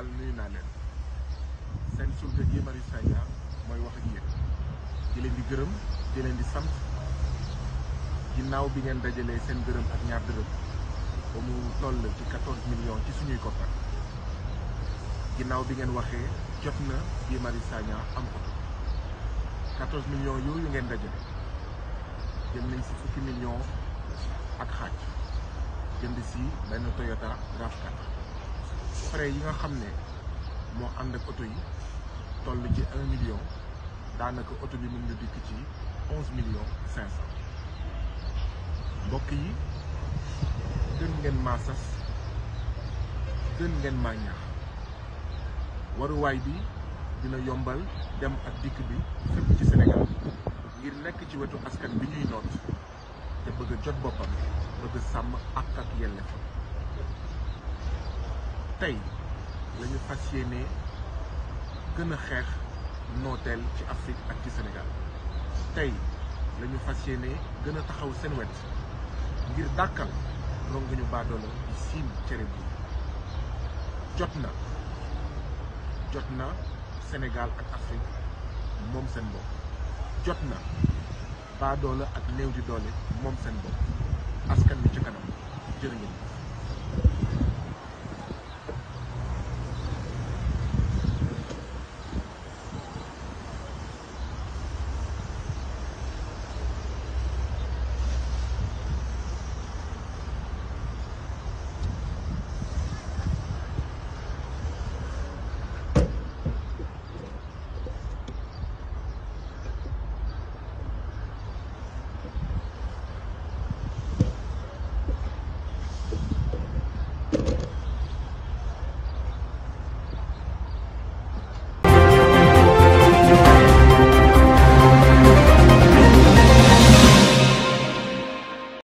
Sénégal nuyu naa leen seen surga Guy Marius mooy wax ak yéen di leen di gërëm di leen di sant ginnaaw bi ngeen dajalee seen gërëm ak ñaar dërëm ba mu toll ci quatorze millions ci suñuy koppar ginnaaw bi ngeen waxee jot na Guy saña Sagna am oto quatorze millions yooyu ngeen dajale jëm nañ si fukki millions ak xaaj jënd si benn Toyota rav frais yi nga xam ne moo ànd ak oto yi toll ci un million daanaka oto bi mën na dikk ci onze million cinq cent mbokk yi gën ngeen maa sas gën ngeen maa ñaax waruwaay bi dina yombal dem ak dikk bi fépp ci Sénégal ngir nekk ci wetu askan bi ñuy noot te bëgg jot boppam bëgg sàmm ak ak yelleefam tey lañu fas yéene gën a xeex nooteel ci Afrique ak ci Sénégal tey la fas yéene gën a taxaw seen wet ngir dàkkal ronguñu baadoola di siin cere bi jot na jot na Sénégal ak Afrique moom seen bopp jot na baadoola ak néew di doole moom seen bopp askan bi ci kanam jërë ngeen